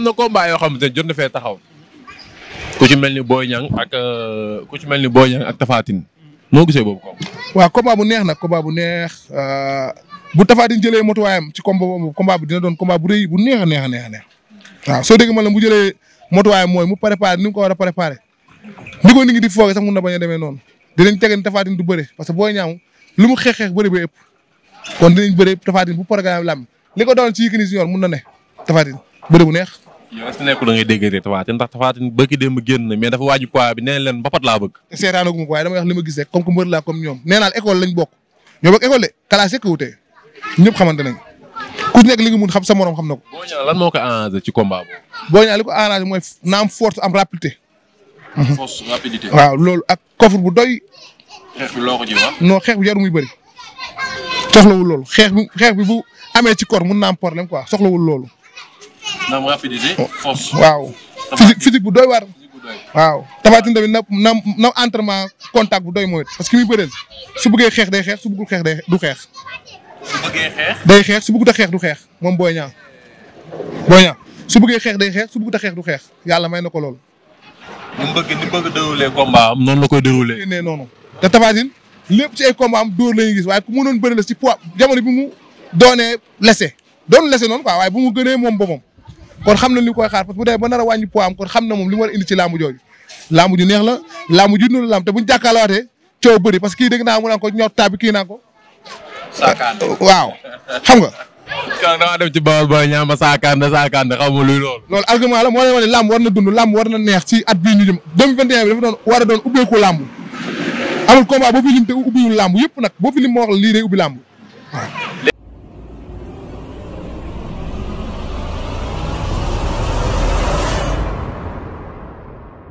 am na combat yoo xamante ne jot na mel ni Boy Niang ak euh, ku ci mel ni Boy Niang ak Tapha Tine noo gisee boobu ko waaw combat bu neex nag combat neex euh, bu Tapha Tine jëlee motuwaayam ci combat boobu combat doon combat bu rëy bu neex a neex a neex a neex waaw soo dégg ma la bu jëlee motuwaayam mooy mu préparé ni mu ko war a préparé ni ko nit ñi di foogee sax mun na bañ a noon noonu dinañ tege ni Tapha Tine du bëre parce que Boy Niang lu mu xeex xeex bëri ba ëpp kon dinañ bëre Tapha Tine bu programme lam li ko doon ci Yékini Junior mun na ne Tapha Tine bu neex yow est-ce que nekkul da ndax Tapha Tine génn mais dafa waaju poids bi nee leen mbapat laa bëgg seetaanaguma ko waaye ma gis rek comme que mbër laa comme ñoom nee naa école lañ bokk ñoo école de classe yëkk wutee ñëpp xamante nañ ku nekk li nga mun xam sa morom xam na ko boo ñaa lan moo ko arrangé ci combat boobu boo ñaa li ko arrangé mooy na am force am rapidité waaw loolu ak coffre bu doy xeex bi loo ko xeex bi muy bëri loolu xeex bi xeex bi bu amee ci kor mun na am problème quoi soxlawul loolu na am waaw physique bu doy waar. waaw Tapha Tine na na na entraînement contact bu doy mooy parce que muy bëreel su bëggee xeex day xeex su bëggul xeex day du xeex. day xeex su bëggut a xeex moom Boy Niang su bëggee xeex day xeex su bëggut a xeex du xeex yàlla may na ko lool ni mu bëgg ni mu noonu la koy déroulé. nee noonu te Tapha Tine lépp ci ay combat am dóor la ñuy gis waaye ku mënoon bëri la si poi jamono bi mu doonee lese doon lese noonu quoi waaye bu mu gënee moom ba kon xam na li koy xaar parce que bu dee ba nar a wàññi poids am kon xam na moom li mu war a indi ci laamu jooju laamu ju neex la laamu ju nul laam te buñ parce que kii dégg naa ko ñor taabi kii naa ko waaw xam nga kan dama dem ci bawal booy ñaama saakaande saakaande xam nga luy lool loolu argument la moo lay na dund lamb war na neex ci at bii ñu jëm 2021 bi dafa doon war a doon ubbeeku làmb amul combat boo fi lim te ubbiwul làmb yëpp nag boo fi lim lii day ubbi làmb waaw